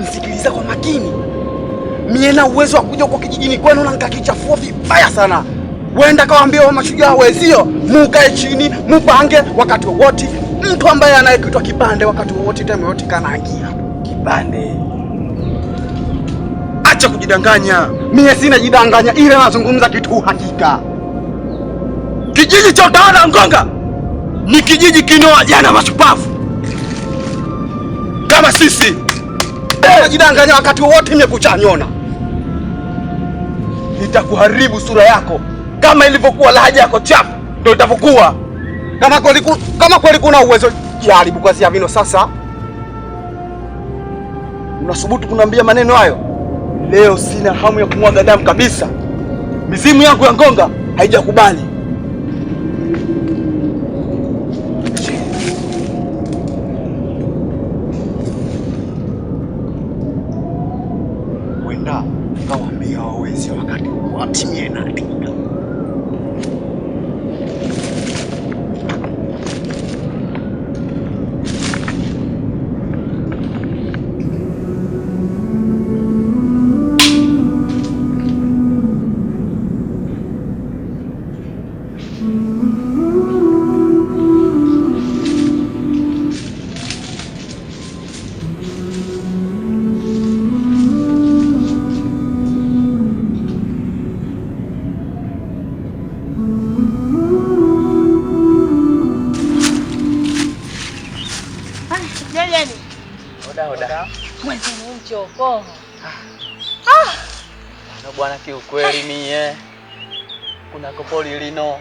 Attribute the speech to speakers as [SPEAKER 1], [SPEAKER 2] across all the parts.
[SPEAKER 1] nisikiliza kwa makini. Mie na uwezo wa kuja huko kijijini kwenu na nikakichafua vibaya sana. Wenda kawaambia wa mashujaa wezio, mukae chini, mupange wakati wowote. Mtu ambaye anayekitwa kipande wakati wowote time yote kanaangia
[SPEAKER 2] kipande.
[SPEAKER 1] Acha kujidanganya, mie sina jidanganya, ile nazungumza kitu uhakika. Kijiji cha utawala Ngonga ni kijiji kinoa jana mashupavu kama sisi Unajidanganya wakati wote nyona Nitakuharibu sura yako kama ilivyokuwa lahaja yako chafu, ndio itavyokuwa. Kama kweli kama kweli kuna uwezo, jaribu kwa vino Sasa unasubutu kuniambia maneno hayo? Leo sina hamu ya kumwaga damu kabisa. Mizimu yangu ya Ngonga haijakubali.
[SPEAKER 2] 见面那里。
[SPEAKER 3] bwana, kiukweli mie kuna kopoli lino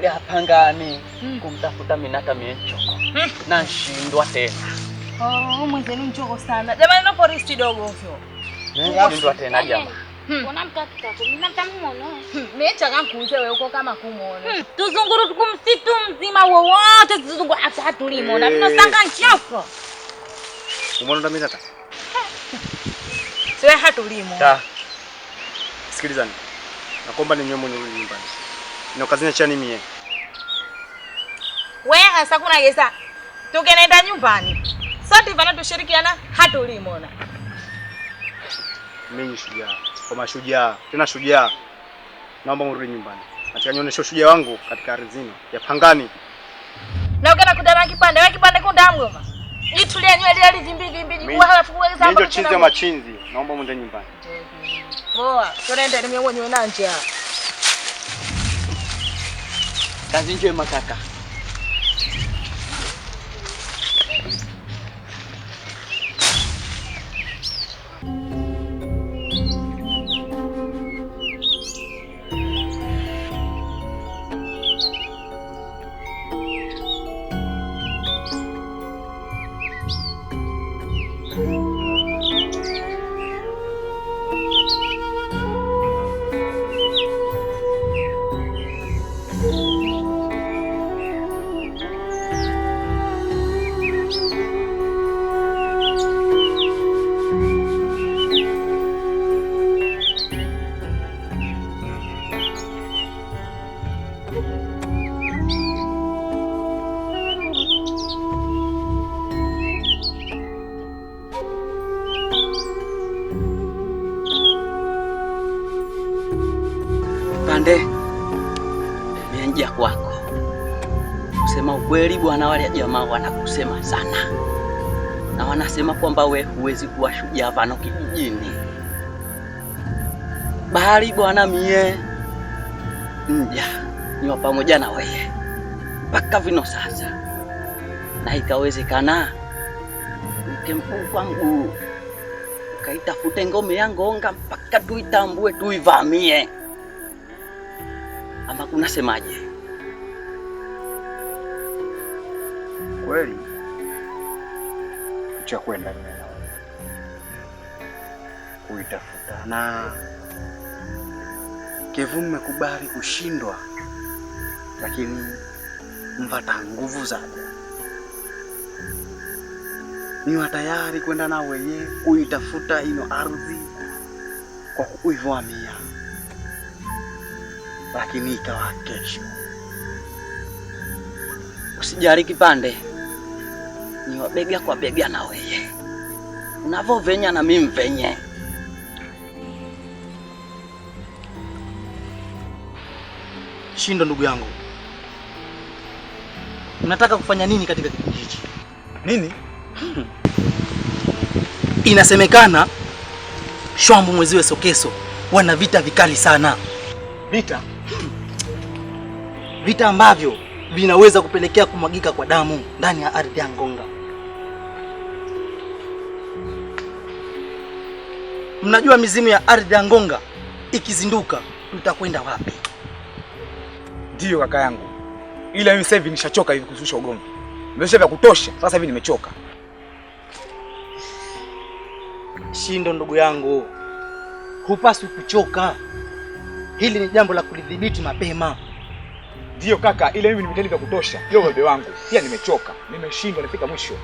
[SPEAKER 3] lyapangani mm. kumtafuta Minata mie nchoko mm. na nshindwa tena.
[SPEAKER 4] Oh, mwenzenu mchoko sana jamani, naporisti dogo ovyo
[SPEAKER 3] nshindwa tena jamani
[SPEAKER 4] mechakankuze weuko kama kumona hmm. tuzungurutuku msitu mzima wowote tuzungu hata hatulimona eh. minosanga nchoko umononda Minata siwe hatulimo
[SPEAKER 3] Sikilizani, nakomba ni nyomo ni nyumbani. Nina kazi na chani mie.
[SPEAKER 4] We hasa kuna gesa. Tukenaenda nyumbani. Sote bana tushirikiana hata ulimona.
[SPEAKER 3] Mimi shujaa. Kwa mashujaa, tena shujaa. Naomba mrudi nyumbani. Nataka nionyeshe shujaa wangu katika ardhi ya Pangani.
[SPEAKER 4] Na ukana kudama kipande, wewe kipande kunda mwoma nitulia nywele hadi vimbi vimbi jikua halafu uweza
[SPEAKER 3] hapo. Ndio chinzi ya machinzi. Naomba mwende nyumbani
[SPEAKER 4] poa, tunaenda nimwenyewe nanja. Ah.
[SPEAKER 3] Kazi njema kaka.
[SPEAKER 5] kuja kwako. Kusema ukweli, bwana, wale jamaa wanakusema sana, na wanasema kwamba we huwezi kuwa shujaa vano kijijini. Bahari bwana, mie nja niwa pamoja na wewe mpaka vino sasa, na ikawezekana mkemkuu kwa mguu ukaitafute ngome ya Ngonga mpaka tuitambue tuivamie, ama kunasemaje?
[SPEAKER 2] kweli cha kwenda mea kuitafuta, na Kevu mmekubali kushindwa, lakini mvata nguvu zake niwa tayari kwenda na wenye kuitafuta ino ardhi kwa kuivamia, lakini ikawa kesho.
[SPEAKER 5] Usijali kipande ni wabega kwa bega na weye unavovenya na mimi mvenye
[SPEAKER 6] shindo. Ndugu yangu, mnataka kufanya nini katika kipindi hichi?
[SPEAKER 2] Nini? Hmm.
[SPEAKER 6] Inasemekana Shwambu mweziwe Sokeso wana vita vikali sana. Vita vita ambavyo vinaweza kupelekea kumwagika kwa damu ndani ya ardhi ya Ngonga. Mnajua mizimu ya ardhi ya Ngonga ikizinduka mtakwenda wapi?
[SPEAKER 2] Ndiyo kaka yangu, ila mimi sasa hivi nishachoka hivi kususha ugomvi, nimesha vya kutosha. Sasa hivi nimechoka.
[SPEAKER 6] Shindo ndugu yangu, hupaswi kuchoka. Hili ni jambo la kulidhibiti mapema.
[SPEAKER 2] Ndiyo kaka, ila mimi nimejaribu vya kutosha, yo bebe wangu, pia nimechoka, nimeshindwa, nafika mwisho.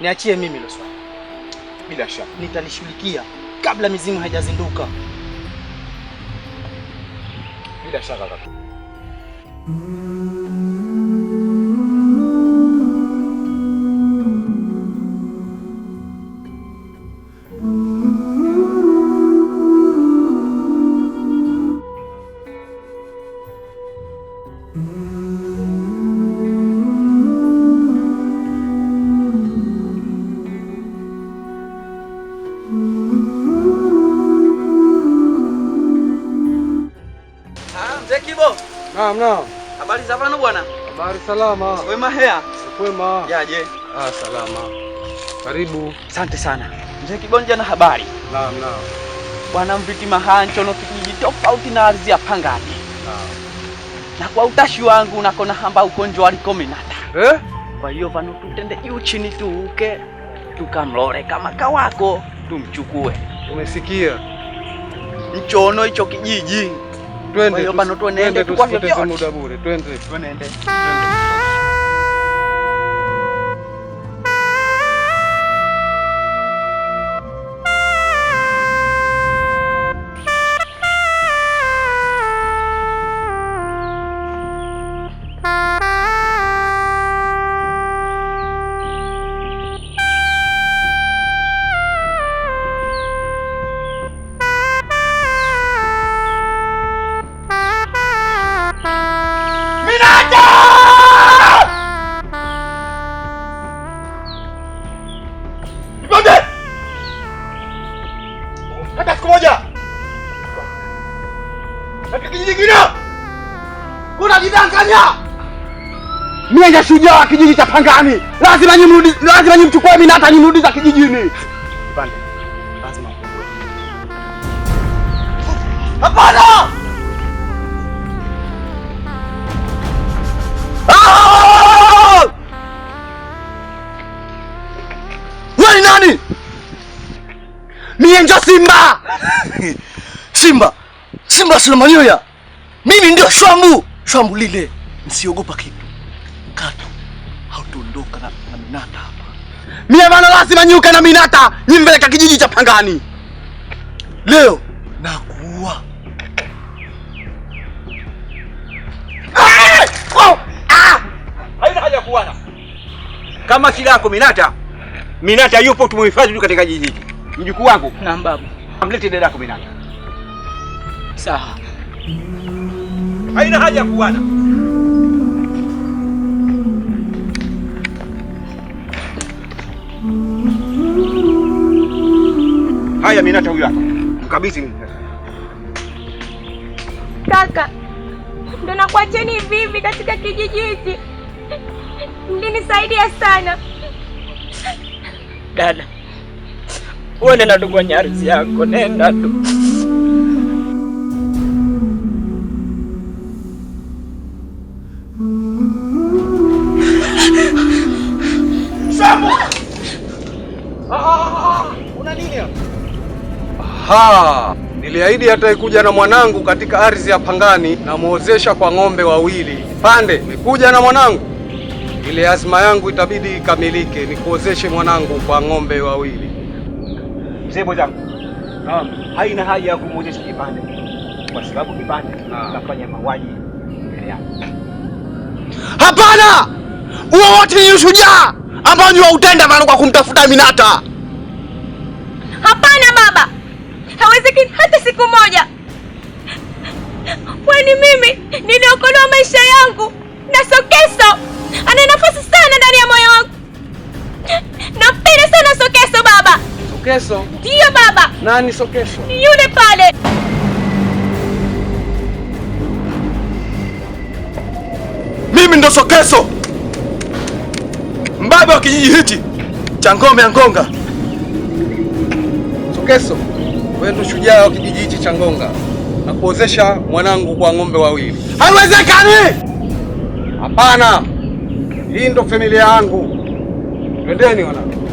[SPEAKER 6] Niachie mimi hilo swali. Bila shaka nitalishughulikia kabla mizimu haijazinduka.
[SPEAKER 2] Bila shaka kaka.
[SPEAKER 7] Ah, Mzee Kibo. Naam, naam. Habari za bwana bwana?
[SPEAKER 8] Habari salama. Kwema hea? Kwema. Yaje? Ah, salama. Karibu.
[SPEAKER 7] Asante sana. Mzee Kibo jana habari. Naam, naam. Bwana mviti mahancho no kijiji tofauti na ardhi ya Pangani. Naam. Na kwa utashi wangu nakona hamba ukonjo walikominata. Eh? Kwa hiyo vanu tutende juu chini tuuke tukamlole kama kawako tumchukue.
[SPEAKER 8] Umesikia?
[SPEAKER 7] Mchono hicho kijiji.
[SPEAKER 8] Twende. Kwa hiyo pano
[SPEAKER 7] tuende, tuende tusipoteze
[SPEAKER 8] muda bure. Twende.
[SPEAKER 7] Twende.
[SPEAKER 9] mnachokifanya. Mimi ni shujaa wa kijiji cha Pangani, lazima nimrudi, lazima nimchukue mimi na hata nimrudisha kijijini. Hapana! Ah! Wewe ni nani? Mimi ndio Simba.
[SPEAKER 6] Simba. Simba Sulemaniya. Mimi ndio Shwambu. Shambulile, msiogopa kitu katu, hautondoka na, na Minata hapa. Mie bana lazima nyuka na Minata nimpeleka kijiji cha Pangani leo
[SPEAKER 2] nakuua.
[SPEAKER 9] Ah! Oh! Ah! Haina haja kuana kama shida yako Minata. Minata yupo, tumuhifadhi tu katika jiji Mjukuu wangu, na babu, amlete dada yako Minata. Sawa haina haja ya kuana. Haya, Minata, huyu hapa, mkabidhi
[SPEAKER 10] kaka. Ndo nakuacheni hivi hivi katika kijiji hiki, mlinisaidia sana.
[SPEAKER 5] Dada, Uende na ndugu wa nyarizi yako, nenda tu.
[SPEAKER 8] Aha, niliahidi ataikuja na mwanangu katika ardhi ya Pangani na muozesha kwa ng'ombe wawili. Pande, nikuja na mwanangu, ile azma yangu itabidi ikamilike, nikuozeshe mwanangu kwa ng'ombe wawili.
[SPEAKER 9] Mzee mwenzangu, haina haja ya kumuozesha kipande kwa sababu kipande ah. kafanya mauaji mbele yako. Hapana, huo wote ni ushujaa ambao ni wautenda maana kwa kumtafuta Minata.
[SPEAKER 10] Hapana baba hawezekani hata siku moja, kwani mimi niliokolewa maisha yangu na Sokeso. Ana nafasi sana ndani ya moyo wangu, nampenda sana Sokeso. Baba Sokeso? Ndiyo baba.
[SPEAKER 8] Nani Sokeso?
[SPEAKER 10] Ni yule pale
[SPEAKER 9] Mimi ndo Sokeso, mbaba wa kijiji hichi cha ngome ya Ngonga.
[SPEAKER 8] Sokeso wetu shujaa wa kijiji hichi cha Ngonga na kuozesha mwanangu kwa ng'ombe wawili.
[SPEAKER 9] Haiwezekani!
[SPEAKER 8] Hapana, hii ndo familia yangu. Twendeni wanangu.